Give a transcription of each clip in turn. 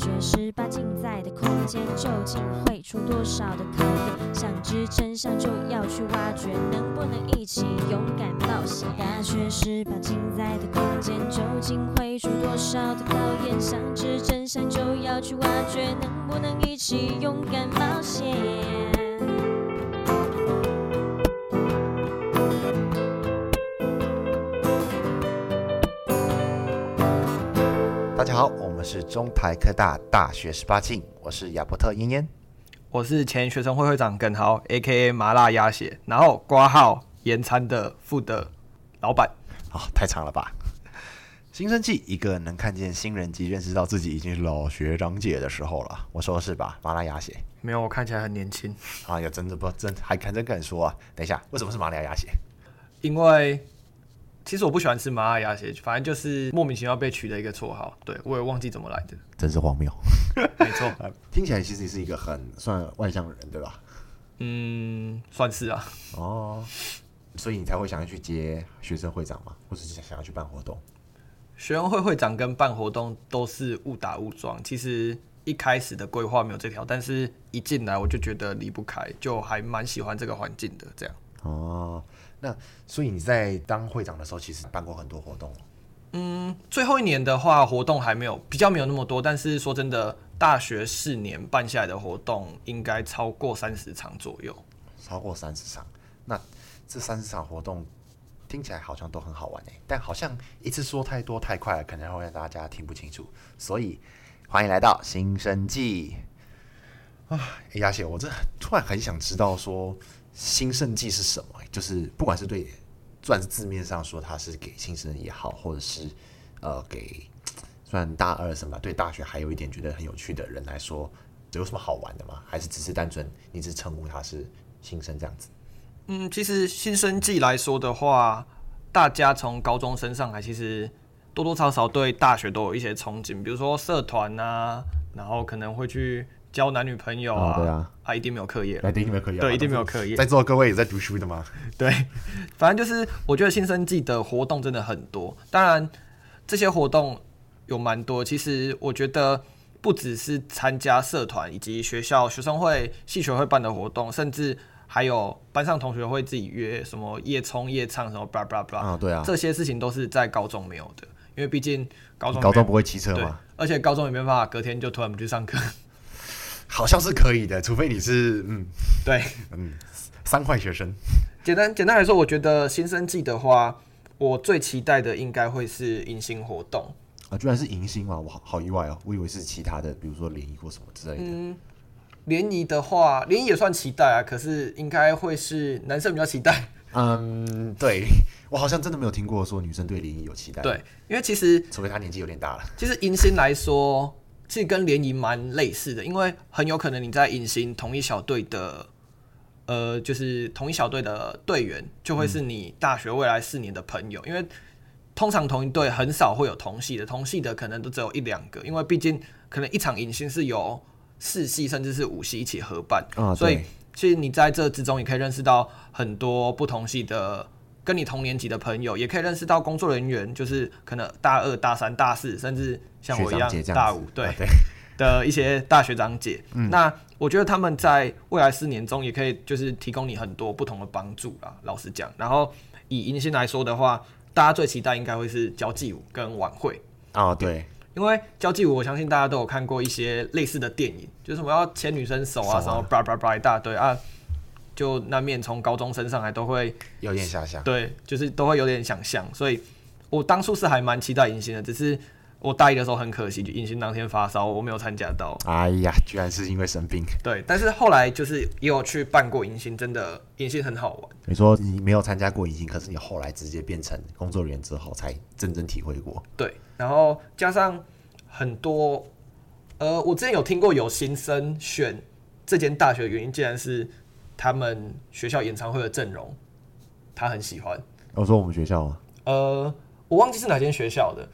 大學十八鏡，精彩的空間究竟繪出多少的考驗，想知真相就要去挖掘，能不能一起勇敢冒險？大學十八鏡，精彩的空間究竟繪出多少的考驗？想知真相就要去挖掘，能不能一起勇敢冒險？大家好。我是中台科大大學十八鏡，我是亞伯特嫣嫣，我是前學生會會長耿豪 （A.K.A. 麻辣鴨血），然後掛號延餐的副的老闆，好、哦、太長了吧？新生季，一個能看見新人即認識到自己已經老學長姐的時候了，我說是吧？麻辣鴨血，沒有，我看起來很年輕。哎呀，真的不真還還真敢說啊？等一下，為什麼是麻辣鴨血？因為。其實我不喜歡吃麻辣鴨血，反正就是莫名其妙被取了一個綽號，對，我也忘記怎麼來的。真是荒謬。 沒錯， 聽起來其實你是一個很算外向的人，對吧？嗯，算是啊。哦，所以你才會想要去接學生會長嗎？或是想要去辦活動？學生會會長跟辦活動都是誤打誤撞。其實一開始的規劃沒有這條，但是一進來我就覺得離不開，就還蠻喜歡這個環境的。這樣哦。那所以你在當會長的時候，其實辦過很多活動。嗯，最後一年的話，活動還沒有比較沒有那麼多。但是說真的，大學四年辦下來的活動應該超過三十場左右。超過三十場，那這三十場活動聽起來好像都很好玩哎、欸，但好像一次說太多太快了，可能會讓大家聽不清楚。所以歡迎來到新生季啊，哎呀、欸、我這突然很想知道說，新生季是什麼？就是不管是對，算是字面上說，他是給新生也好，或者是呃給算大二什麼，對大學還有一點覺得很有趣的人來說，有什麼好玩的嗎？還是只是單純一直稱呼他是新生這樣子？嗯，其實新生季來說的話，大家從高中生上來，其實多多少少對大學都有一些憧憬，比如說社團啊，然後可能會去。交男女朋友啊，嗯、對啊，啊一定沒有課業，一定沒有課業,有課業，對，一定沒有課業。在座各位也在讀書的嗎？對，反正就是我覺得新生季的活動真的很多，當然這些活動有蠻多。其實我覺得不只是參加社团以及學校學生會、系學會辦的活動，甚至還有班上同學會自己約什麼夜衝、夜唱什麼，blah blah blah、嗯、對啊、這些事情都是在高中沒有的，因為畢竟高中高中不會騎車嘛，而且高中也沒辦法隔天就突然不去上課。好像是可以的，除非你是嗯，對，嗯，三壞學生。簡單簡單來說，我覺得新生季的話，我最期待的應該會是迎新活動啊，居然是迎新嘛，我好好意外哦，我以為是其他的，比如說聯誼或什麼之類的。嗯，聯誼的話，聯誼也算期待啊，可是應該會是男生比較期待。嗯，對，我好像真的沒有聽過說女生對聯誼有期待，對，因為其實除非他年紀有點大了。其實迎新來說。 是跟聯誼蠻類似的，因為很有可能你在迎新同一小隊的，呃，就是同一小隊的隊員，就會是你大學未來四年的朋友。嗯、因為通常同一隊很少會有同系的，同系的可能都只有一兩個，因為畢竟可能一場迎新是有四系甚至是五系一起合辦，啊、所以其實你在這之中也可以認識到很多不同系的。跟你同年級的朋友，也可以認識到工作人員，就是可能大二、大三、大四，甚至像我一樣，樣大五，對、啊、對的一些大學長姐、嗯。那我覺得他們在未來四年中，也可以就是提供你很多不同的幫助啊。老實講，然後以迎新來說的話，大家最期待應該會是交際舞跟晚會啊、哦。對，因為交際舞，我相信大家都有看過一些類似的電影，就是我要牽女生手啊，什麼吧吧吧一大堆啊。就那面從高中升上來都會有點想象，對，就是都會有點想象，所以我當初是還蠻期待迎新的，只是我大一的時候很可惜，就迎新當天發燒，我沒有參加到。哎呀，居然是因為生病。對，但是後來就是也有去辦過迎新，真的迎新很好玩。你說你沒有參加過迎新，可是你後來直接變成工作人員之後才真正體會過。對，然後加上很多，呃，我之前有聽過有新生選這間大學的原因，竟然是。他們學校演唱會的陣容，他很喜歡。我說我們學校嗎？呃，我忘記是哪間學校的，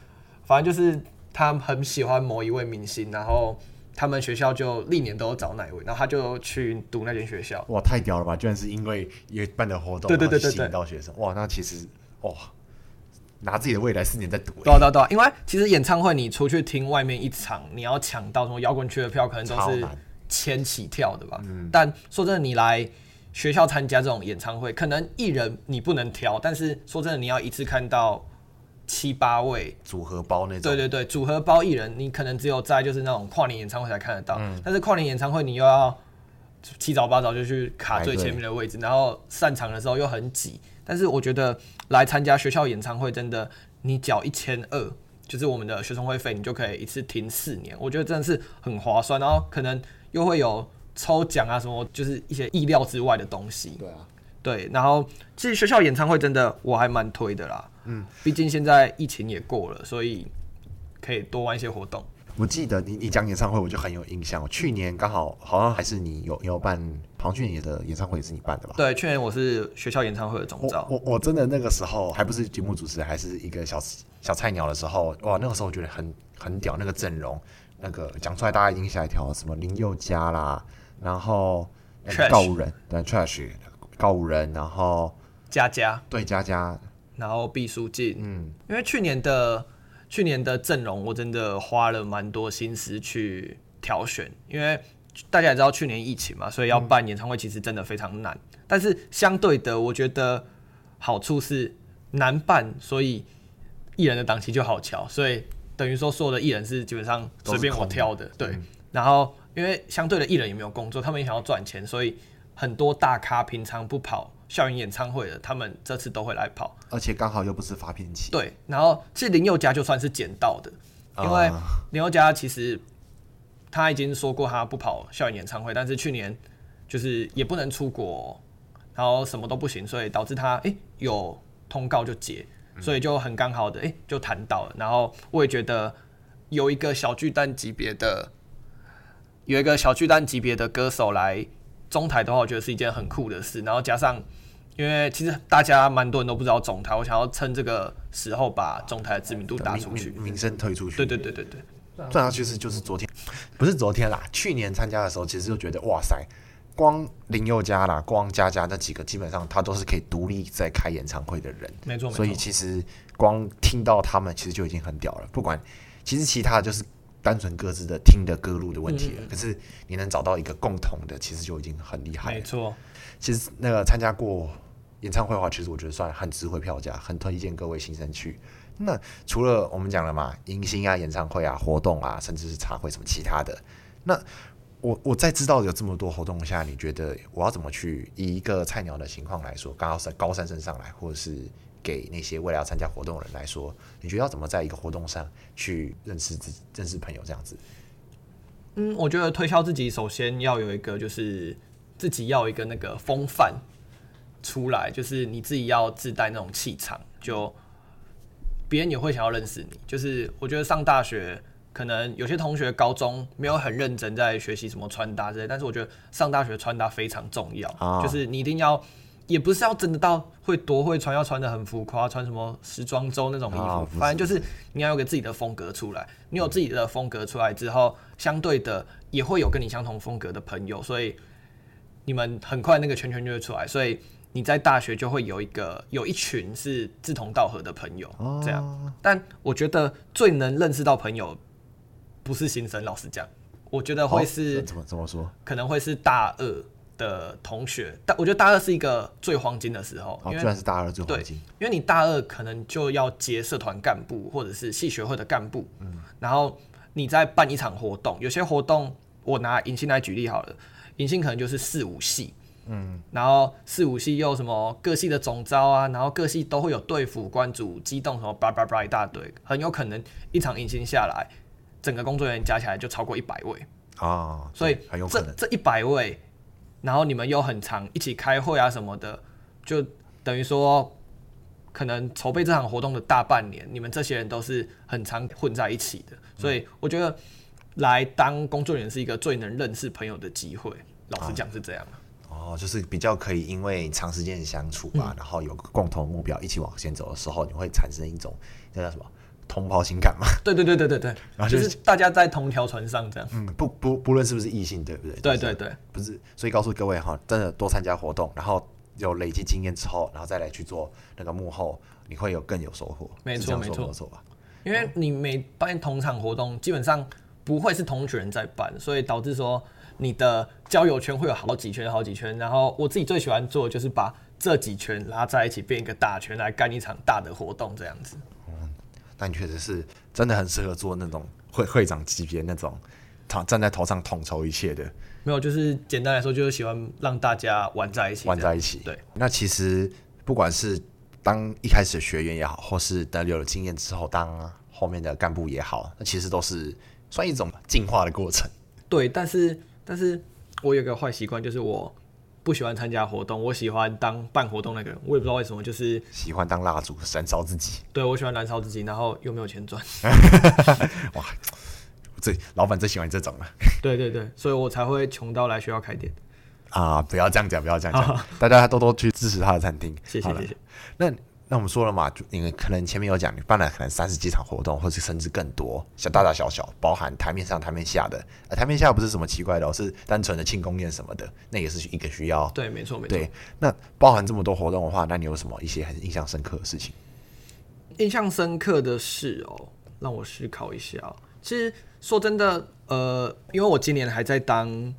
反正就是他很喜歡某一位明星，然後他們學校就歷年都有找哪一位，然後他就去讀那間學校。哇，太屌了吧！居然是因為也辦的活動，對對對、對、對、對，然後吸引到學生。哇，那其實哇，拿自己的未來四年在賭，欸。對、啊、對、啊對啊，因為其實演唱會你出去聽外面一場，你要搶到什麼搖滾區的票，可能都是千起跳的吧，嗯、但說真的，你來學校參加這種演唱會，可能藝人你不能挑，但是說真的，你要一次看到七八位組合包那種。對對對，組合包藝人你可能只有在就是那種跨年演唱會才看得到。嗯，但是跨年演唱會你又要七早八早就去卡最前面的位置，然後散場的時候又很擠。但是我覺得來參加學校演唱會真的，你繳一千二就是我們的學生會費，你就可以一次聽四年，我覺得真的是很划算，然後可能。又會有抽獎啊，什麼就是一些意料之外的東西。對啊，對，然後其實學校演唱會真的我還蠻推的啦。嗯，畢竟現在疫情也過了，所以可以多玩一些活動。我記得你你講演唱會，我就很有印象。去年剛好好像還是你有有辦龐俊也的演唱會，也是你辦的吧？對，去年我是學校演唱會的總召。我我真的那個時候還不是節目主持人，還是一個小小菜鳥的時候，哇，那個時候我覺得很很屌，那個陣容。那個講出來，大家印象一條什麼，林宥嘉啦，然後 trash、嗯、告五人，對 trash 告五人，然後家家對家家，然後畢書盡，嗯，因為去年的去年的陣容，我真的花了蠻多心思去挑選，因為大家也知道去年疫情嘛，所以要辦演唱會其實真的非常難，嗯、但是相對的，我覺得好處是難辦，所以藝人的檔期就好喬，所以。等於說，所有的藝人是基本上隨便我挑的，的對、嗯。然後，因為相對的藝人也沒有工作，他們也想要賺錢，所以很多大咖平常不跑校園演唱會的，他們這次都會來跑。而且剛好又不是發片期。對。然後，這林宥嘉就算是撿到的、嗯，因為林宥嘉其實他已經說過他不跑校園演唱會，但是去年就是也不能出國，然後什麼都不行，所以導致他哎、欸、有通告就接所以就很剛好的，哎、欸，就談到了。然後我也覺得有一個小巨蛋級別的，有一個小巨蛋級別的歌手來中台的話，我覺得是一件很酷的事。然後加上，因為其實大家蠻多人都不知道中台，我想要趁這個時候把中台的知名度打出去，名，名聲推出去。對對對對對，重要其實就是昨天，不是昨天啦，去年參加的時候其實就覺得哇塞。光林宥嘉啦，光佳佳那幾個，基本上他都是可以獨立在開演唱會的人，沒錯。所以其實光聽到他們，其實就已經很屌了。不管其實其他就是單純各自的聽的歌路的問題了。嗯嗯可是你能找到一個共同的，其實就已經很厲害了。沒錯。其實那個參加過演唱會的話，其實我覺得算很值回票價，很推薦各位新生去。那除了我們講了嘛，迎新啊、演唱會啊、活動啊，甚至是茶會什麼其他的，那。我我在知道有這麼多活動下，你覺得我要怎麼去，以一個菜鳥的情況來說，剛剛是高三生上來，或者是給那些未來要參加活動的人來說，你覺得要怎麼在一個活動上去認識自己、認識朋友這樣子？嗯，我覺得推銷自己，首先要有一個就是自己要有一個那個風範出來，就是你自己要自帶那種氣場，就別人也會想要認識你。就是我覺得上大學。可能有些同學高中沒有很認真在學習什麼穿搭之類，但是我覺得上大學穿搭非常重要，哦、就是你一定要，也不是要真的到會多會穿，要穿得很浮誇，穿什麼時裝周那種衣服，哦，反正就是你要有個自己的風格出來，嗯，你有自己的風格出來之後，相對的也會有跟你相同風格的朋友，所以你們很快那個圈圈就會出來，所以你在大學就會有一個有一群是志同道合的朋友，哦，這樣，但我覺得最能認識到朋友。不是新生，老實講，我覺得會是怎麼怎麼說？可能會是大二的同學，但、哦、我覺得大二是一個最黃金的時候，哦、因為居然是大二最黃金，因為你大二可能就要接社團幹部或者是系學會的幹部、嗯，然後你在辦一場活動，有些活動我拿迎新來舉例好了，迎新可能就是四五系，嗯，然後四五系又什麼各系的總召啊，然後各系都會有隊輔關主、機動什麼叭叭叭一大堆，很有可能一場迎新下來。整個工作人員加起來就超過一百位啊、哦，所以這這一百位，然後你們又很常一起開會啊什麼的，就等於說可能籌備這場活動的大半年，你們這些人都是很常混在一起的，嗯，所以我覺得來當工作人員是一個最能認識朋友的機會。老實講是這樣哦，哦，就是比較可以因為長時間相處吧，啊嗯，然後有個共同目標一起往前走的時候，你會產生一種那叫做什麼？同袍情感嘛，對對對對對對、就是，就是大家在同條船上這樣，嗯，不不不論是不是異性，對不對？對對對，就是、不是，所以告訴各位哈，真的多參加活動，然後有累積經驗之後，然後再來去做那個幕後，你會有更有收穫。沒錯做做沒錯沒錯吧？因為你每辦同場活動，基本上不會是同群人在辦，所以導致說你的交友圈會有好幾圈好幾圈。然後我自己最喜歡做的就是把這幾圈拉在一起，變一個大圈來幹一場大的活動，這樣子。但確實是真的很適合做那種會會長級別那種，躺站在頭上統籌一切的。沒有，就是簡單來說，就是喜歡讓大家玩在一起，玩在一起。對，那其實不管是當一開始的學員也好，或是等有了經驗之後當後面的幹部也好，那其實都是算一種進化的過程。對，但是但是我有個壞習慣，就是我。不喜歡參加活動，我喜歡當辦活動那個人。我也不知道為什麼，就是喜歡當蠟燭燃燒自己。對，我喜歡燃燒自己，然後又沒有錢賺。 哇，這老闆最喜歡這種了啊。對對對，所以我才會窮到來學校開店。啊，不要這樣講，不要這樣講，大家多多去支持他的餐廳。 謝謝謝好謝。 那。那我們說了嘛，因為可能前面有講，你辦了可能三十幾場活動，或是甚至更多，小大大小小，包含台面上、台面下的。呃，台面下不是什麼奇怪的哦，是單純的慶功宴什麼的，那也是一個需要。對，沒錯，沒錯。對，那包含這麼多活動的話，那你有什麼一些很印象深刻的事情？印象深刻的事哦，讓我思考一下。其實說真的，呃，因為我今年還在當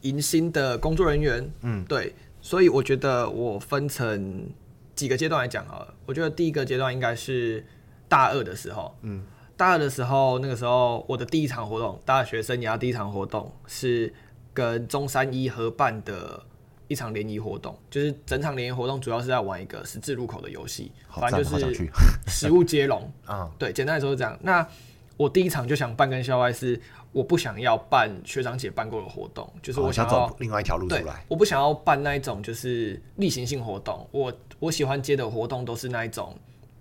迎新的工作人員，嗯，對，所以我覺得我分成。幾個階段來講啊，我覺得第一個階段應該是大二的時候，嗯，大二的時候，那個時候我的第一場活動，大學生涯第一場活動是跟中山一合辦的一場聯誼活動，就是整場聯誼活動主要是在玩一個十字路口的遊戲，反正就是食物接龍，嗯，好 對，簡單來說是這樣。那我第一場就想辦跟校外，是我不想要辦學長姐辦過的活動，就是我想，哦，想走另外一條路出來，對，我不想要辦那一種就是例行性活動，我。我喜歡接的活動都是那一種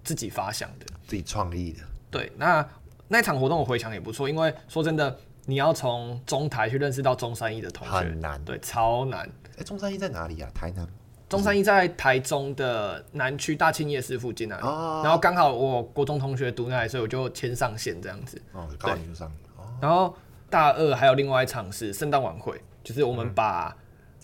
自己發想的，自己創意的。對，那那一場活動我回想也不錯，因為說真的，你要從中台去認識到中山醫的同學很難，對，超難。哎、欸，中山醫在哪裡啊？台南？中山醫在台中的南區大慶夜市附近啊。哦、哦、哦、哦。然後剛好我國中同學讀那，所以我就牽上線這樣子。哦，高一上。然後大二還有另外一場是聖誕晚會，就是我們把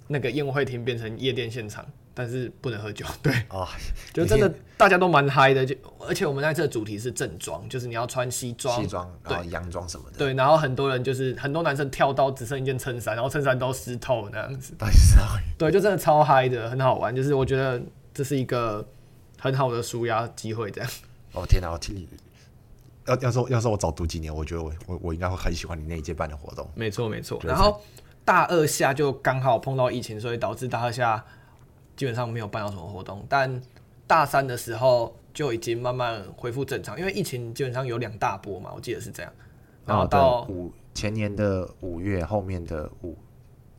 那個宴會廳變成夜店現場。但是不能喝酒，對啊、哦，就真的大家都蠻嗨的，就而且我們在這主題是正裝，就是你要穿西裝，西裝對，然後洋裝什麼的，對，然後很多人就是很多男生跳到只剩一件襯衫，然後襯衫都濕透那樣子，大濕啊，對，就真的超嗨的，很好玩，就是我覺得這是一個很好的舒壓機會，這樣。哦天哪，我聽，要要是要是我早讀幾年，我覺得我我我應該會很喜歡你那一屆辦的活動。沒錯沒錯、就是，然後大二下就剛好碰到疫情，所以導致大二下。基本上沒有辦到什麼活動，但大三的時候就已經慢慢恢復正常，因為疫情基本上有兩大波嘛，我記得是這樣。然後到、哦、五前年的五月，後面的五，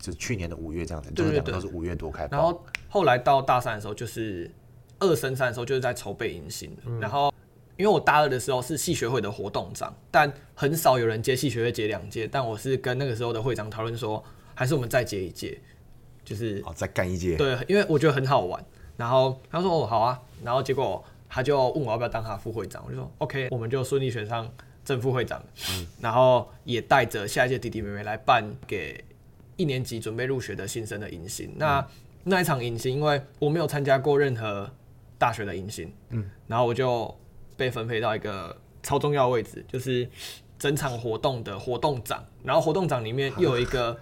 就去年的五月這樣子，就是講都是五月多開。然後後來到大三的時候，就是二升三的時候，就是在籌備迎新、嗯。然後因為我大二的時候是系學會的活動長，但很少有人接系學會接兩屆，但我是跟那個時候的會長討論說，還是我們再接一屆。就是哦，再幹一屆。對，因為我覺得很好玩。然後他說哦，好啊。然後結果他就問我要不要當他副會長，我就說 OK，我們就順利選上正副會長。嗯。然後也帶着下一屆弟弟妹妹來辦給一年級準備入學的新生的迎新。那那一場迎新，因為我沒有參加過任何大學的迎新，嗯。然後我就被分配到一個超重要的位置，就是整場活動的活動長。然後活動長裡面又有一個。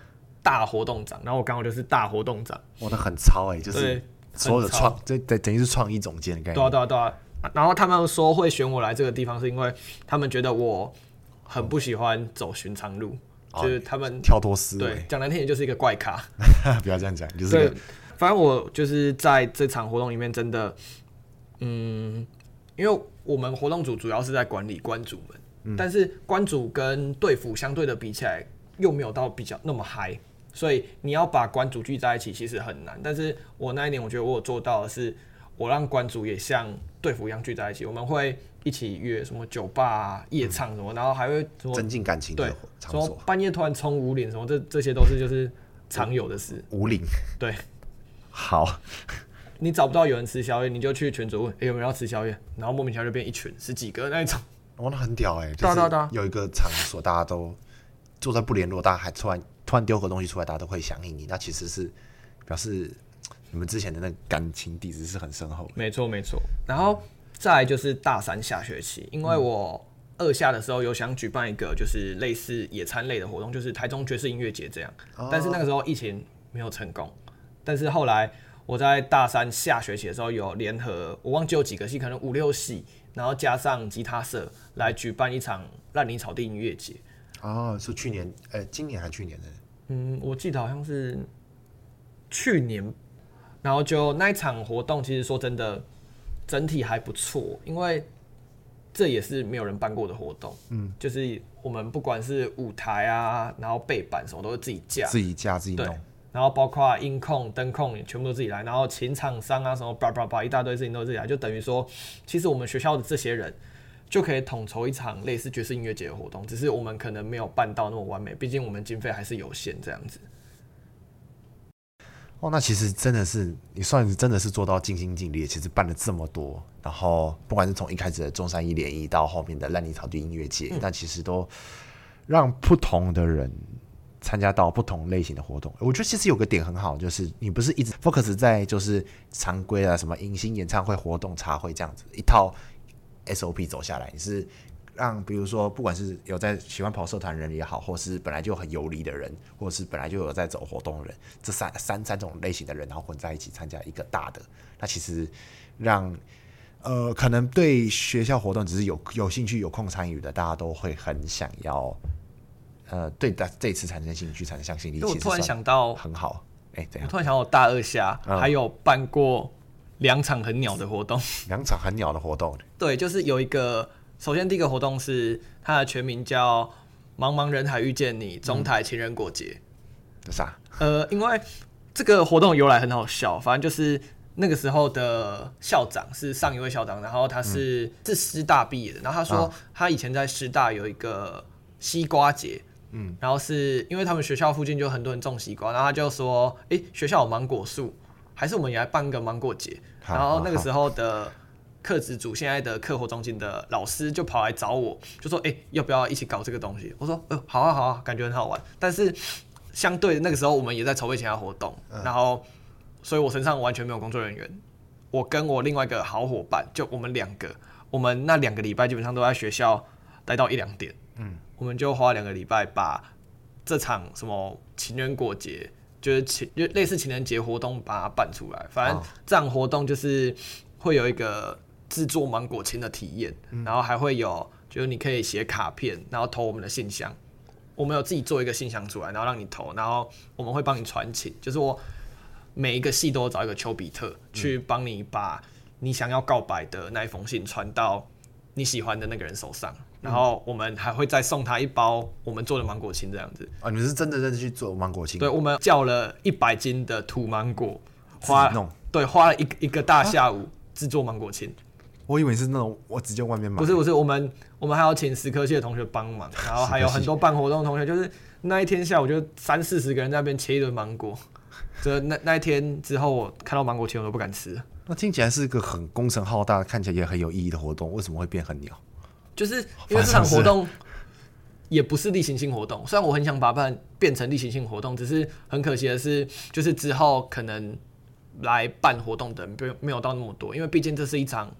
大活動長，然後我剛好就是大活動長，我、哦、的很超哎、欸，就是所有的創，這等於是創意總監。對啊對啊對啊。然後他們說會選我來這個地方，是因為他們覺得我很不喜歡走尋常路、哦，就是他們跳脫思維。講難聽也就是一個怪咖， 不要這樣講，就是對。反正我就是在這場活動裡面，真的，嗯，因為我們活動組主要是在管理關主們，嗯、但是關主跟隊輔相對的比起來，又沒有到比較那麼嗨。所以你要把關主聚在一起其實很難，但是我那一年我覺得我有做到的是，我讓關主也像隊服一樣聚在一起。我們會一起約什麼酒吧，啊、夜唱什麼，然後還會說，增進感情。對所，說半夜突然衝舞林什麼，這這些都是就是常有的事。舞林。對，好，你找不到有人吃宵夜，你就去群組問，欸、有沒有人要吃宵夜，然後莫名其妙就變一群十幾個那一種，哇、哦，那很屌哎，欸！就是、有一個場所，大家都坐在不聯絡，大家還突然。突然丟個東西出來，大家都會響應你。那其實是表示你們之前的那個感情底子是很深厚。沒錯，沒錯。然後、嗯、再就是大三下學期，因為我二下的時候有想舉辦一個就是類似野餐類的活動，就是台中爵士音樂節這樣。但是那個時候疫情沒有成功。哦，但是後來我在大三下學期的時候有聯合，我忘記有幾個系，可能五六系，然後加上吉他社來舉辦一場爛泥草地音樂節。哦，是去年，呃、嗯欸，今年還是去年的？嗯，我記得好像是去年，然後就那一場活動，其實說真的，整體還不錯，因為這也是沒有人辦過的活動。嗯，就是我們不管是舞台啊，然後背板什麼都是自己架，自己架自己弄對，然後包括音控、燈控全部都自己來，然後請廠商啊什麼叭叭叭一大堆事情都是自己來，就等於說，其實我們學校的這些人。就可以統籌一場類似爵士音樂節的活動，只是我們可能沒有辦到那麼完美，畢竟我們經費還是有限。這樣子，哦，那其實真的是你算是真的是做到盡心盡力。其實辦了這麼多，然後不管是從一開始的中山一聯誼到後面的爛泥草地音樂節、嗯，但其實都讓不同的人參加到不同類型的活動。我覺得其實有個點很好，就是你不是一直 focus 在就是常規啊什麼迎新演唱會、活動茶會這樣子一套。SOP 走下來，你是讓比如說，不管是有在喜歡跑社團人也好，或是本來就很游離的人，或者是本來就有在走活動的人，這三三三種類型的人，然後混在一起參加一個大的，那其實讓呃，可能對學校活動只是有有興趣、有空參與的，大家都會很想要，呃，對大這次產生興趣、產生向心力、欸。我突然想到，很好，哎，突然想到大二下、嗯、還有辦過。兩場,場很鳥的活動，兩場很鳥的活動。對，就是有一個，首先第一個活動是它的全名叫“茫茫人海遇見你”，中台情人果節。這、嗯、啥、啊？呃，因為這個活動由來很好笑，反正就是那個時候的校長是上一位校長，然後他是是師大畢業的、嗯，然後他說他以前在師大有一個西瓜節，嗯，然後是因為他們學校附近就很多人種西瓜，然後他就說，哎、欸，學校有芒果樹。還是我們也來辦一個芒果節，然後那個時候的課制組，現在的客戶中心的老師就跑來找我，就說：“哎、欸，要不要一起搞這個東西？”我說：“嗯、呃，好啊，好啊，感覺很好玩。”但是相對那個時候，我們也在籌備其他活動，嗯、然後所以我身上完全沒有工作人員。我跟我另外一個好伙伴，就我們兩個，我們那兩個禮拜基本上都在學校待到一兩點，嗯，我們就花兩個禮拜把這場什麼情人果節。就是情就類似情人節活動，把它辦出來。反正這樣活動就是會有一個製作芒果情的體驗，然後還會有就是你可以寫卡片，然後投我們的信箱，我們有自己做一個信箱出來，然後讓你投，然後我們會幫你傳情，就是我每一個系都找一個丘比特去幫你把你想要告白的那一封信傳到你喜歡的那個人手上。然後我們還會再送他一包我們做的芒果青這樣子啊、哦，你是真的真的去做芒果青？對，我們叫了一百斤的土芒果，花對，花了一個一個大下午、啊、製作芒果青。我以為是那種我直接外面買，不是不是，我們我們還要請食科系的同學幫忙，然後還有很多辦活動的同學，就是那一天下午就三四十個人在那邊切一堆芒果。這 那那一天之後，我看到芒果青我都不敢吃。那聽起來是一個很工程浩大，看起來也很有意義的活動，為什麼會變很鳥？就是因為這場活動也不是例行性活動，雖然我很想把它辦變成例行性活動，只是很可惜的是，就是之後可能來辦活動的人沒沒有到那麼多，因為畢竟這是一場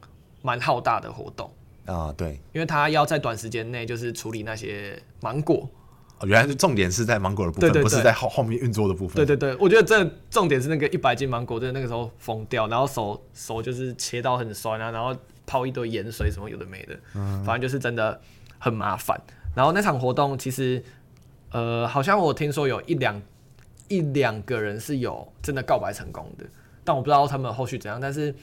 蠻浩大的活動啊。對，因為他要在短時間內就是處理那些芒果，哦、原來是重點是在芒果的部分，對對對不是在後後面運作的部分。對對對，我覺得這重點是那個一百斤芒果在、這個、那個時候瘋掉，然後手手就是切到很酸啊，然後。泡一堆鹽水什麼有的沒的，嗯，反正就是真的很麻煩、嗯。然後那場活動其實，呃，好像我聽說有一兩一兩個人是有真的告白成功的，但我不知道他們後續怎樣。但是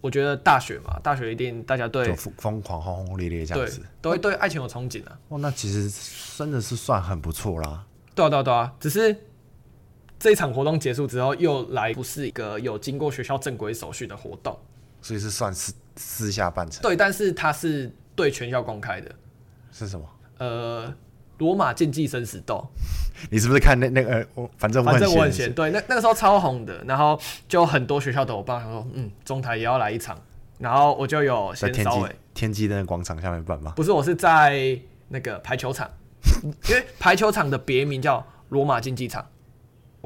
我覺得大學嘛，大學一定大家對瘋狂轟轟烈烈這樣子，都會對，對愛情有憧憬啊。哇、哦哦，那其實真的是算很不錯啦。對啊，對啊，對啊。只是這一場活動結束之後，又來不是一個有經過學校正規手續的活動，所以是算是。私下辦成對，但是他是對全校公開的。是什麼？呃，羅馬競技生死鬥。 你是不是看那那個？呃、我反正反正我很閒。很 對，那那個時候超紅的，然後就很多學校的夥伴他說，嗯，中台也要來一場，然後我就有在天機。天機的廣場下面辦嗎？不是，我是在那個排球場， 因為排球場的別名叫羅馬競技場。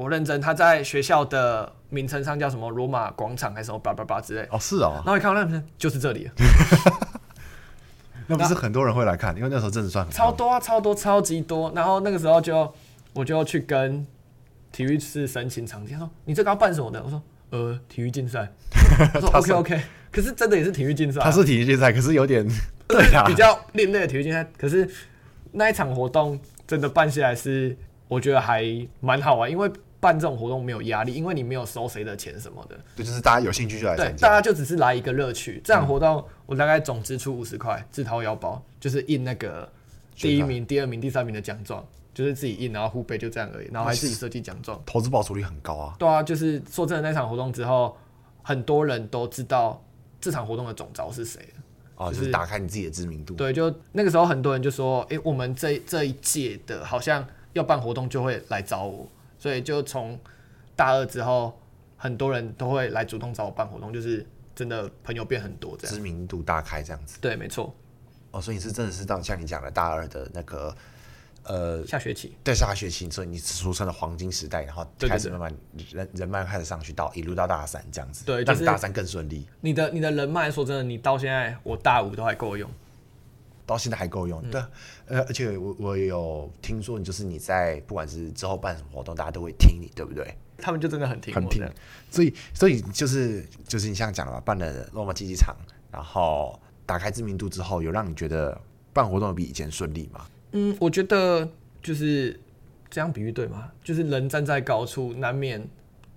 我認真，他在學校的名稱上叫什麼羅馬廣場還是什麼巴巴巴之類？哦，是哦。那我看到那片，就是這裡。 那不是很多人會來看，因為那時候真的算多超多啊，超多，超級多。然後那個時候就我就去跟體育室申請場地，他說你這個要辦什麼的？我說呃，體育競賽。 我說他 OK OK，可是真的也是體育競賽。他是體育競賽，可是有點是比較另類的體育競賽。 可是那一場活動真的辦下來是我覺得還蠻好玩，因為。辦這種活動沒有壓力，因為你沒有收誰的錢什麼的。對，就是大家有興趣就來。對，大家就只是來一個樂趣。這場活動、嗯、我大概總支出五十塊，自掏腰包，就是印那個第一名、第二名、第三名的獎狀，就是自己印，然後護貝，就這樣而已。然後還自己設計獎狀，投資報酬率很高啊。對啊，就是說真的，那場活動之後，很多人都知道這場活動的總召是誰、哦就是、就是打開你自己的知名度。對，就那個時候，很多人就說：“誒、欸，我們這一這一屆的，好像要辦活動就會來找我。”所以就從大二之後，很多人都會來主動找我辦活動，就是真的朋友變很多，這樣知名度大開，這樣子。對，沒錯。哦，所以你是真的是到像你講的，大二的那個呃下學期。對，下學期，所以你是俗稱的黃金時代，然後開始慢慢對對對人人脈開始上去，到一路到大三這樣子，對，但、就是大三更順利。你的你的人脈，說真的，你到現在我大五都還夠用。到現在還夠用，對，嗯、呃，而且我我有聽說，就是你在不管是之後辦什麼活動，大家都會聽你，對不對？他們就真的很聽，很聽，所以所以就是就是你像講了辦了羅馬競技場，然後打開知名度之後，有讓你覺得辦活動比以前順利嗎？嗯，我覺得就是這樣比喻對嗎？就是人站在高處，難免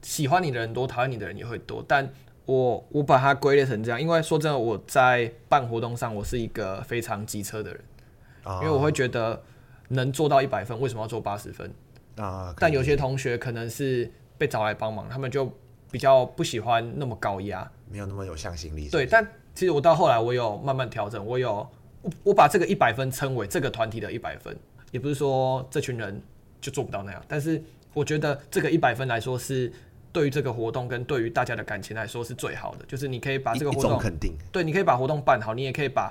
喜歡你的人多，討厭你的人也會多，但。我我把它歸類成這樣，因為說真的，我在辦活動上，我是一個非常機車的人，啊、呃，因為我會覺得能做到一百分，為什麼要做八十分？啊、呃，但有些同學可能是被找來幫忙，他們就比較不喜歡那麼高壓，沒有那麼有向心力。對，但其實我到後來，我有慢慢調整，我有我我把這個一百分稱為這個團體的一百分，也不是說這群人就做不到那樣，但是我覺得這個一百分來說是對於這個活動跟對於大家的感情來說是最好的，就是你可以把這個活動肯定對，你可以把活動辦好，你也可以把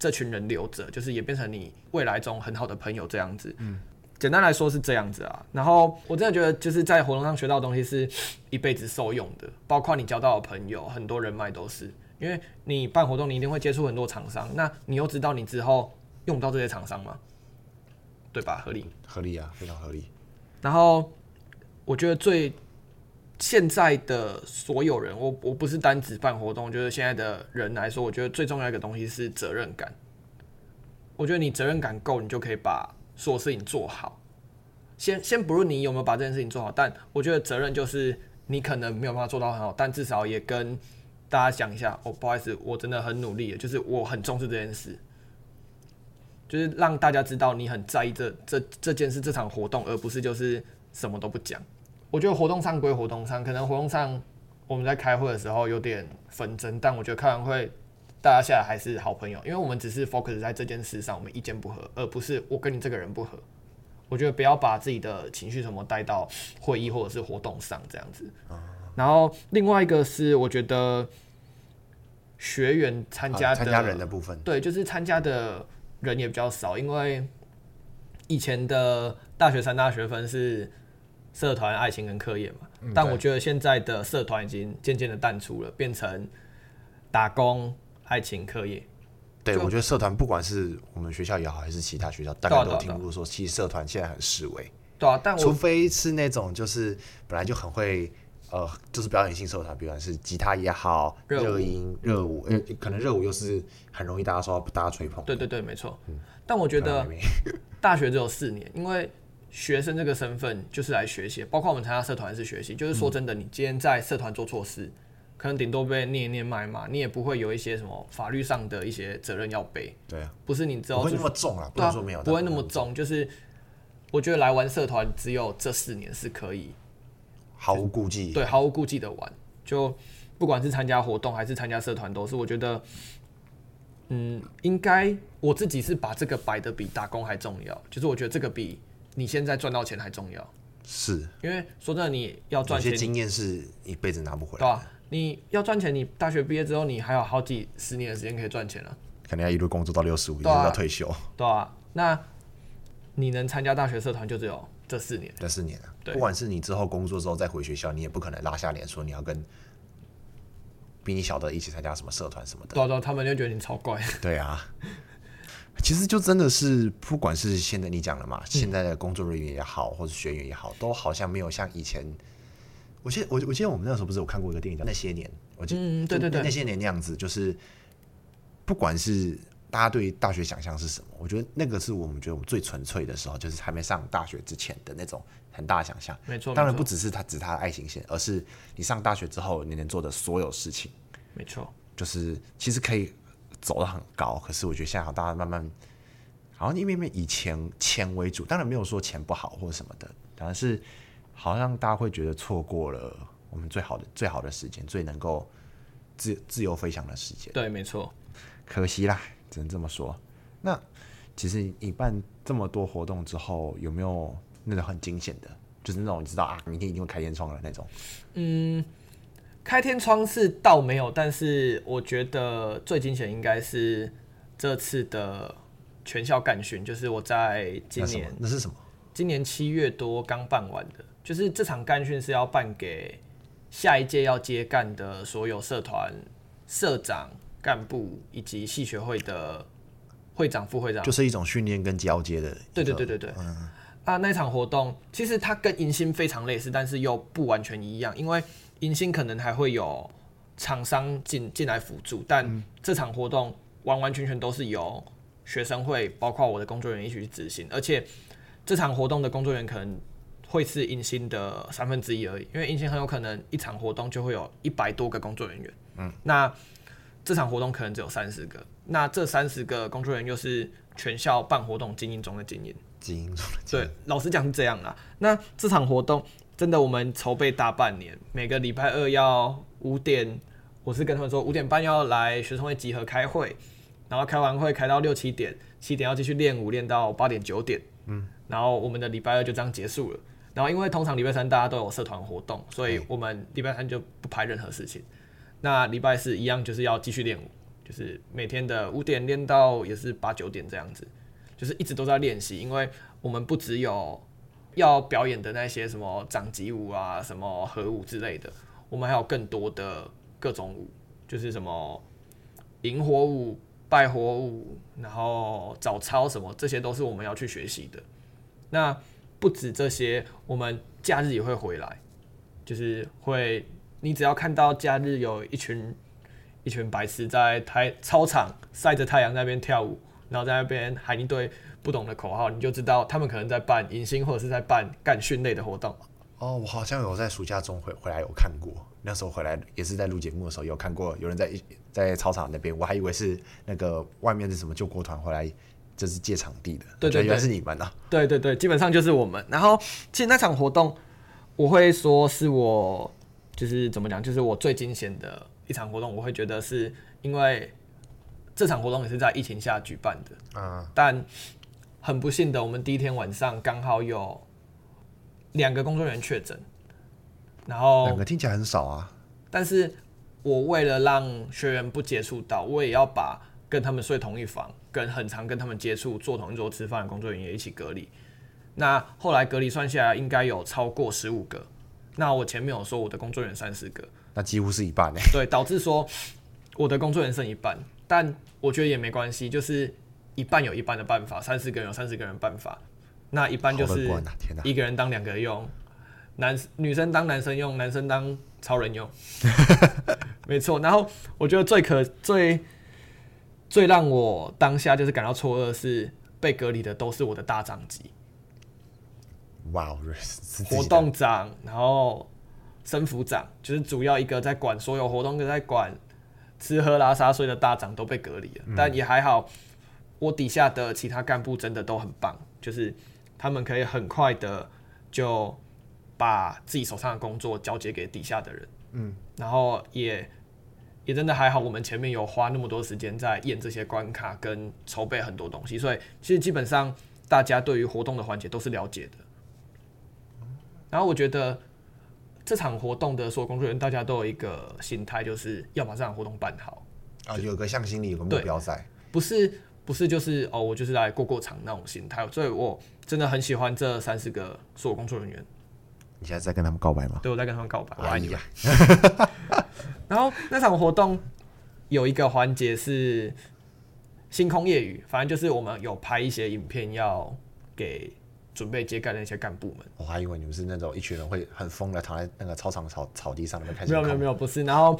這群人留着，就是也變成你未來中很好的朋友這樣子。嗯，簡單來說是這樣子啊。然後我真的覺得就是在活動上學到的東西是一輩子受用的，包括你交到的朋友，很多人脈都是因為你辦活動，你一定會接觸很多廠商，那你又知道你之後用到這些廠商嗎？對吧？合理，合理啊，非常合理。然後我覺得最。現在的所有人，我我不是單指辦活動，就是現在的人來說，我覺得最重要一個東西是責任感。我覺得你責任感夠，你就可以把所有事情做好。先先不論你有沒有把這件事情做好，但我覺得責任就是你可能沒有辦法做到很好，但至少也跟大家講一下。哦，不好意思，我真的很努力，就是我很重視這件事，就是讓大家知道你很在意這這這件事、這場活動，而不是就是什麼都不講。我覺得活動上歸活動上，可能活動上我們在開會的時候有點紛爭，但我覺得開完會大家下來還是好朋友，因為我們只是 focus 在這件事上，我們意見不合，而不是我跟你這個人不合。我覺得不要把自己的情緒什麼帶到會議或者是活動上這樣子。然後另外一個是，我覺得學員參加的，參加人的部分，對，就是參加的人也比較少，因為以前的大學三大學分是。社團、愛情跟課業嘛、嗯，但我覺得現在的社團已經漸漸的淡出了，變成打工、愛情、課業。對，我覺得社團，不管是我們學校也好，還是其他學校，啊、大家都聽過說，啊啊、其實社團現在很式微。對啊，但我除非是那種就是本來就很會呃，就是表演性社團，比如是吉他也好、熱音、熱、嗯、舞、欸嗯，可能熱舞又是很容易大家受到大家吹捧。對對對，沒錯、嗯。但我覺得大學只有四年， 因為。學生這個身份就是來學習，包括我們參加社團是學習。就是說真的，你今天在社團做錯事，嗯，可能頂多被念一念罵一罵，你也不會有一些什麼法律上的一些責任要背。對啊，不是你知道，不會那麼重啊。不能說沒有，啊，不會那麼重、重。就是我覺得來玩社團只有這四年是可以毫無顧忌，對，毫無顧忌的玩。就不管是參加活動還是參加社團，都是我覺得，嗯，應該我自己是把這個擺得比打工還重要。就是我覺得這個比。你現在賺到錢還重要，是因為說真的，你要賺錢，有些經驗是一輩子拿不回來的，對啊，你要賺錢，你大學畢業之後，你還有好幾十年的時間可以賺錢了，可能要一路工作到六十五，一直到退休，對啊，對啊，那你能參加大學社團，就只有這四年，這四年啊，不管是你之後工作之後再回學校，你也不可能拉下臉說你要跟比你小的一起參加什麼社團什麼的，對啊，對啊，他們就覺得你超怪，對啊。其實就真的是，不管是現在你講了嘛，現在的工作人員也好、嗯，或是學員也好，都好像沒有像以前。我記我我記得我們那時候不是有看過一個電影叫《那些年》，嗯、我記嗯對對對，《那些年》那樣子，就是不管是大家對於大學想象是什麼，我覺得那個是我們覺得我們最純粹的時候，就是還沒上大學之前的那種很大的想象。沒錯，當然不只是他指他的愛情線，而是你上大學之後你能做的所有事情。沒錯，就是其實可以。走得很高，可是我覺得現在好。大家慢慢好像因為以錢錢為主，當然沒有說錢不好或什麼的，但是好像大家會覺得錯過了我們最好的最好的時間，最能夠自自由飛翔的時間。對，沒錯，可惜啦，只能這麼說。那其實你辦這麼多活動之後，有沒有那種很驚險的，就是那種你知道啊，明天一定會開天窗的那種？嗯。開天窗是倒沒有，但是我覺得最驚險應該是這次的全校幹訓，就是我在今年那，那是什麼？今年七月多剛辦完的，就是這場幹訓是要辦給下一屆要接幹的所有社團社長、幹部以及系學會的會長、副會長，就是一種訓練跟交接的。對對對對對，嗯，啊，那場活動其實它跟迎新非常類似，但是又不完全一樣，因為。迎新可能還會有廠商進進來輔助，但這場活動完完全全都是由學生會，包括我的工作人員一起去執行。而且這場活動的工作人員可能會是迎新的三分之一而已，因為迎新很有可能一場活動就會有一百多個工作人員。嗯，那這場活動可能只有三十個，那這三十個工作人員又是全校辦活動精英中的精英。精英中的精英對，老實講是這樣啦，那這場活動。真的，我們籌備大半年，每個禮拜二要五點，我是跟他們說五點半要來學生會集合開會，然後開完會開到六七點，七點要繼續練舞，練到八點九點，嗯，然後我們的禮拜二就這樣結束了。然後因為通常禮拜三大家都有社團活動，所以我們禮拜三就不排任何事情。那禮拜四一樣就是要繼續練舞，就是每天的五點練到也是八九點這樣子，就是一直都在練習，因為我們不只有。要表演的那些什麼長吉舞啊、什麼河舞之類的，我們還有更多的各種舞，就是什麼螢火舞、拜火舞，然後早操什麼，這些都是我們要去學習的。那不止這些，我們假日也會回來，就是會你只要看到假日有一群一群白痴在台操場曬着太陽那邊跳舞，然後在那邊海一隊。不懂的口號，你就知道他們可能在辦迎新或者是在辦幹訓類的活動。哦，我好像有在暑假中回回來有看過，那時候回來也是在錄節目的時候有看過，有人在一在操場那邊，我還以為是那個外面的什麼救國團，回來這是借場地的，對對，對，原來是你們啊！對對對，基本上就是我們。然後其實那場活動，我會說是我就是怎麼講，就是我最驚險的一場活動，我會覺得是因為這場活動也是在疫情下舉辦的，嗯、啊，但。很不幸的，我們第一天晚上剛好有兩個工作人員確診，然後兩個聽起來很少啊。但是，我為了讓學員不接觸到，我也要把跟他們睡同一房，跟很常跟他們接觸、坐同一桌吃飯的工作人員也一起隔離。那後來隔離算下來，應該有超過十五個。那我前面有說我的工作人員三十個，那幾乎是一半誒、欸。對，導致說我的工作人員剩一半，但我覺得也沒關係，就是。一半有一半的辦法，三四個人有三四個人辦法。那一半就是一個人當兩個人用，男女生當男生用，男生當超人用。 沒錯。然後我覺得最可最最讓我當下就是感到錯愕的是被隔離的都是我的大長級。哇、wow，活動長，然後生輔長，就是主要一個在管所有活動都在管吃喝拉撒睡的大長都被隔離了、嗯，但也還好。我底下的其他幹部真的都很棒，就是他們可以很快的就把自己手上的工作交接給底下的人，嗯，然後也也真的還好，我們前面有花那麼多時間在演這些關卡跟籌備很多東西，所以其實基本上大家對於活動的環節都是了解的。然後我覺得這場活動的所有工作人員大家都有一個心態，就是要把這場活動辦好啊，有個向心力，有個目標在，不是。不是，就是哦，我就是來過過場那種心態，所以我真的很喜歡這三十個所有工作人員。你現在在跟他們告白嗎？對，我在跟他們告白。啊、我愛你啊！ 然後那場活動有一個環節是星空夜雨，反正就是我們有拍一些影片要給準備接幹的那些幹部們。我、哦、還以為你們是那種一群人會很瘋的躺在那個操場草草地上拍，面後開，沒有沒有沒有，不是，然後。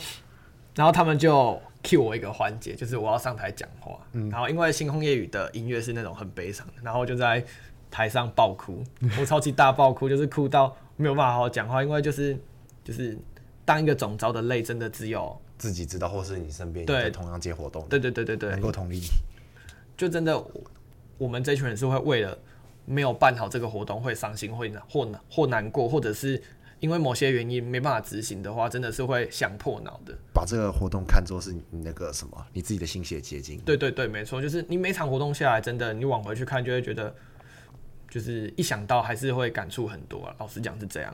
然後他們就 cue 我一個環節，就是我要上台講話。嗯、然後因為《星空夜雨》的音樂是那種很悲傷的，然後就在台上爆哭、嗯，我超級大爆哭，就是哭到沒有辦法好好講話。因為就是就是當一個總召的累，真的只有自己知道，或是你身邊對同樣節活動，對對對對對，能夠同意。就真的我，我們這群人是會為了沒有辦好這個活動，會傷心，會難，或難或難過，或者是。因為某些原因沒辦法執行的話，真的是會想破腦的。把這個活動看作是你那個什麼，你自己的心血結晶。對對對，沒錯，就是你每場活動下來，真的你往回去看，就會覺得，就是一想到還是會感觸很多啊，老實講是這樣。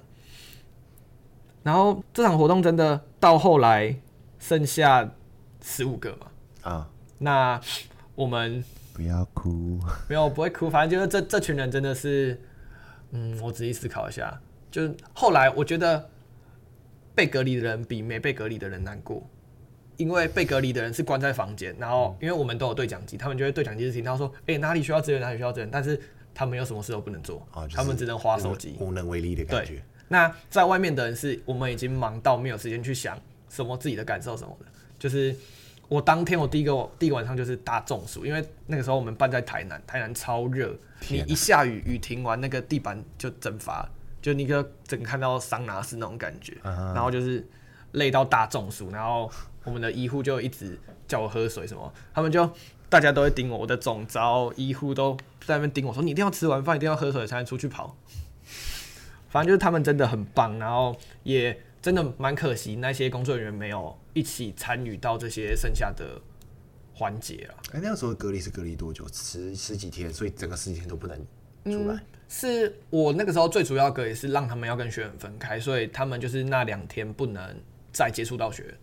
然後這場活動真的到後來剩下十五個嘛。啊，那我們不要哭，沒有不會哭，反正就是這這群人真的是，嗯，我仔細思考一下。就後來我覺得被隔離的人比沒被隔離的人難過，因為被隔離的人是關在房間，然後因為我們都有對講機，他們就會對講機是聽到說，哎、欸、哪裡需要支援，哪裡需要支援，但是他們有什麼事都不能做，哦就是，他們只能滑手機，無能為力的感覺。對，那在外面的人是我們已經忙到沒有時間去想什麼自己的感受什麼的。就是我當天我第一個第一個晚上就是大中暑，因為那個時候我們辦在台南，台南超熱，你一下雨雨停完，嗯，那個地板就蒸發。就那個，整個看到桑拿室那種感覺，uh -huh. 然後就是累到大中暑，然後我們的醫護就一直叫我喝水什麼，他們就大家都會盯我，我的總召醫護都在那邊盯我說，你一定要吃完飯，一定要喝水才能出去跑。反正就是他們真的很棒，然後也真的蠻可惜那些工作人員沒有一起參與到這些剩下的環節了。哎、欸，那個時候隔離是隔離多久？十十幾天，所以整個十幾天都不能出來。嗯是我那個時候最主要的也是讓他們要跟學員分開，所以他們就是那兩天不能再接觸到學員。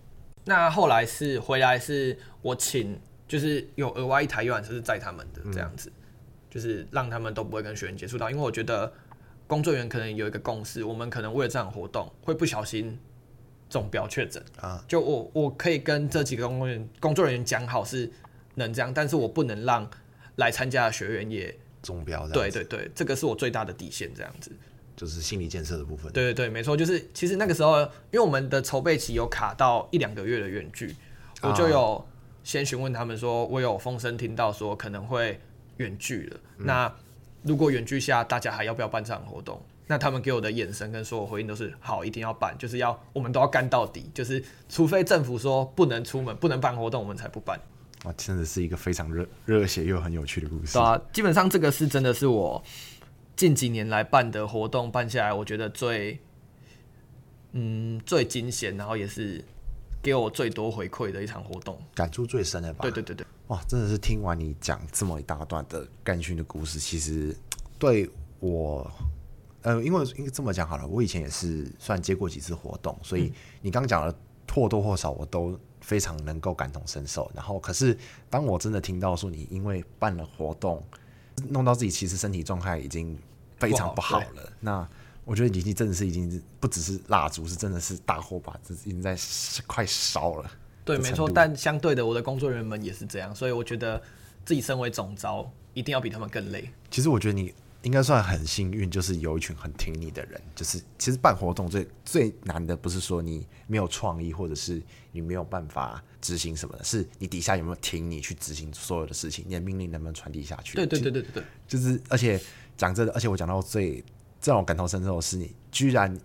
那後來是回來是，我請就是有額外一台遊覽車是載他們的這樣子、嗯，就是讓他們都不會跟學員接觸到。因為我覺得工作人員可能有一個共識，我們可能為了這場活動會不小心中標確診啊。就我我可以跟這幾個工作員工作人員講好是能這樣，但是我不能讓來參加的學員也。中標。對對對，這個是我最大的底線，這樣子就是心理建設的部分。對對對，沒錯，就是其實那個時候，因為我們的籌備期有卡到一兩個月的遠距、嗯，我就有先詢問他們說，我有風聲聽到說可能會遠距了、嗯。那如果遠距下大家還要不要辦這場活動？那他們給我的眼神跟所有回應都是好，一定要辦，就是要我們都要幹到底，就是除非政府說不能出門、不能辦活動，我們才不辦。哇，真的是一個非常熱熱血又很有趣的故事。啊，基本上這個是真的是我近幾年來辦的活動辦下來，我覺得最嗯最驚險，然後也是給我最多回饋的一場活動，感觸最深的吧。對對對對。哇，真的是聽完你講這麼一大段的幹訓的故事，其實對我呃，因為應該這麼講好了，我以前也是算接過幾次活動，所以你剛講的或多或少我都。嗯非常能夠感同身受，然後可是當我真的聽到說你因為辦了活動，弄到自己其實身體狀態已經非常不好了，那我覺得已經真的是已經不只是蠟燭，是真的是大火把，是已經在快燒了。對，沒錯。但相對的，我的工作人員們也是這樣，所以我覺得自己身為總召，一定要比他們更累。其實我覺得你。應該算很幸運，就是有一群很挺你的人。就是其實辦活動最最難的，不是說你沒有創意，或者是你沒有辦法執行什麼的，是你底下有沒有挺你去執行所有的事情，你的命令能不能傳遞下去？對對對對對，對就是、就是、而且講真的，而且我講到最讓我感同身受的是你，你居然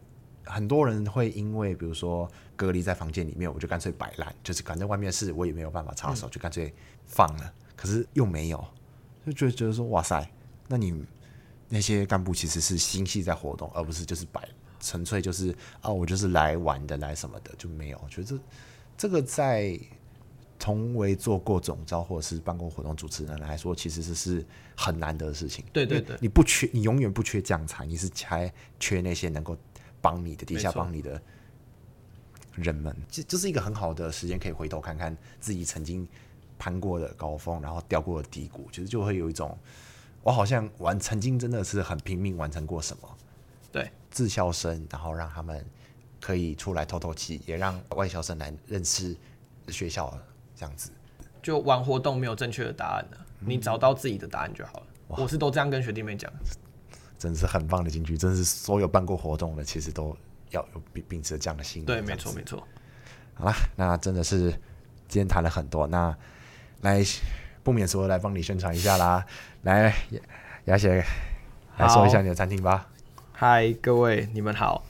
很多人會因為比如說隔離在房間裡面，我就乾脆擺爛，就是反正外面的事我也沒有辦法插手，嗯、就乾脆放了。可是又沒有，就覺得就覺得說哇塞，那你。那些幹部其實是心繫在活動，而不是就是擺，純粹就是啊，我就是來玩的，來什麼的就沒有。我覺得這這個在從未做過總召或者是辦公活動主持人來說，其實是是很難得的事情。對對對，你不缺，你永遠不缺將才，你是還缺那些能夠幫你的地、底下幫你的人們。就就是一個很好的時間，可以回頭看看自己曾經攀過的高峰，然後掉過的低谷，其實就是就會有一種。我好像玩，曾經真的是很拼命完成過什麼，對，自校生，然後讓他們可以出來透透氣，也讓外校生來認識學校，這樣子。就玩活動沒有正確的答案了，你找到自己的答案就好了。嗯、我是都這樣跟學弟妹講。真是很棒的金句，真是所有辦過活動的，其實都要有秉持這樣的心。對，沒錯，沒錯。好了，那真的是今天談了很多，那來。不免說來幫你宣傳一下啦，來，牙姐來說一下你的餐廳吧。嗨，Hi, 各位，你們好。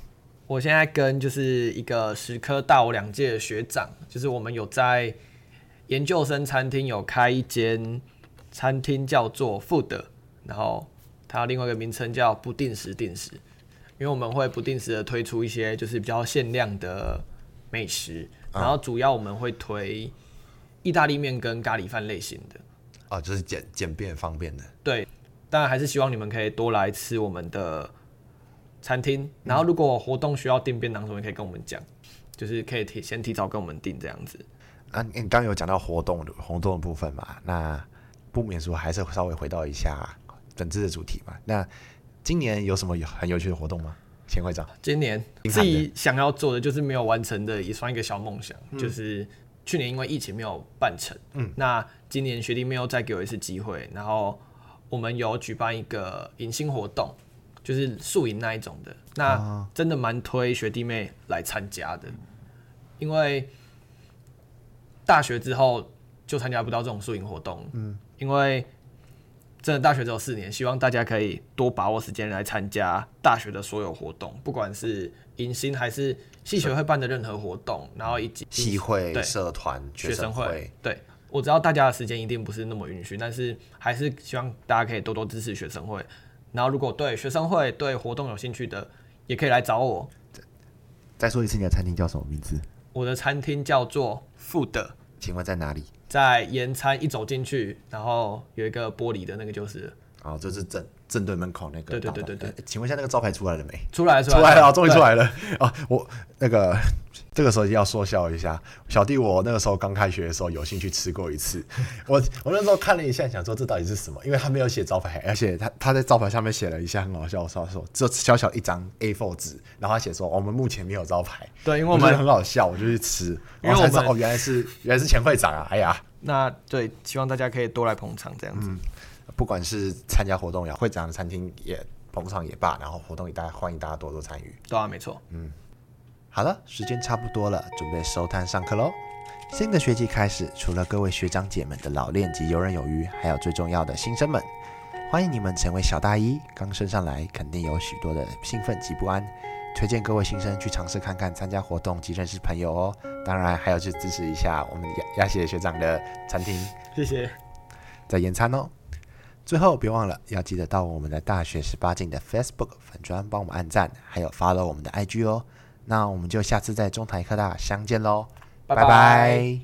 我現在跟就是一個食科大我兩屆的學長，就是我們有在研究生餐廳有開一間餐廳，叫做 Food，然後它另外一個名稱叫不定時定時，因為我們會不定時的推出一些就是比較限量的美食，嗯、然後主要我們會推。意大利麵跟咖喱飯類型的，哦，就是簡簡便方便的。對，當然還是希望你們可以多來吃我們的餐廳，嗯。然後，如果活動需要訂便當什麼，也可以跟我們講，就是可以提先提早跟我們訂這樣子。啊，你剛剛有講到活動的活動的部分嘛，那不免說還是稍微回到一下本質的主題嘛。那今年有什麼有很有趣的活動嗎？前會長，今年自己想要做的就是沒有完成的，也算一個小夢想，嗯，就是。去年因為疫情沒有辦成，嗯，那今年學弟妹又再給我一次機會，然後我們有舉辦一個迎新活動，就是宿營那一種的，那真的蠻推學弟妹來參加的，嗯，因為大學之後就參加不到這種宿營活動，嗯，因為真的大學只有四年，希望大家可以多把握時間來參加大學的所有活動，不管是迎新還是。系學會辦的任何活動，然後以及系會、社團、學生會，對，我知道大家的時間一定不是那麼允許，但是還是希望大家可以多多支持學生會。然後，如果對學生會、對活動有興趣的，也可以來找我。再，再說一次，你的餐廳叫什麼名字？我的餐廳叫做 Food，請問在哪裡？在延餐一走進去，然後有一個玻璃的那個就是。好，就是正正對門口那個。對對對對，對，對。請問一下，那個招牌出來了沒？出來了出來了。出來了終於出來了哦、啊，我那個這個時候一定要說笑一下，小弟我那個時候剛開學的時候有興趣吃過一次。我我那時候看了一下，想說這到底是什麼？因為他沒有寫招牌，而且他他在招牌下面寫了一下，很好笑。我說說，這小小一張 A4 紙，然後他寫說、哦、我們目前沒有招牌。對，因為我們我很好笑，我就去吃。因為我們我才知道哦，原來是原來是前會長啊！哎呀，那對，希望大家可以多來捧場，這樣子。嗯不管是參加活動呀，會長的餐廳也捧場也罷，然後活動也大家，歡迎大家多多參與。對啊，沒錯。嗯，好了，時間差不多了，準備收攤上課嘍。新的學期開始，除了各位學長姐們的老練及遊刃有餘，還有最重要的新生們，歡迎你們成為小大一。剛升上來，肯定有許多的興奮及不安。推薦各位新生去嘗試看看參加活動及認識朋友哦。當然，還要去支持一下我們鴨鴨血學長的餐廳。謝謝。在研餐哦。最後別忘了，要記得到我們的大學十八鏡的 Facebook 粉專幫我們按讚，還有 follow 我們的 IG 哦。那我們就下次在中台科大相見嘍，拜拜。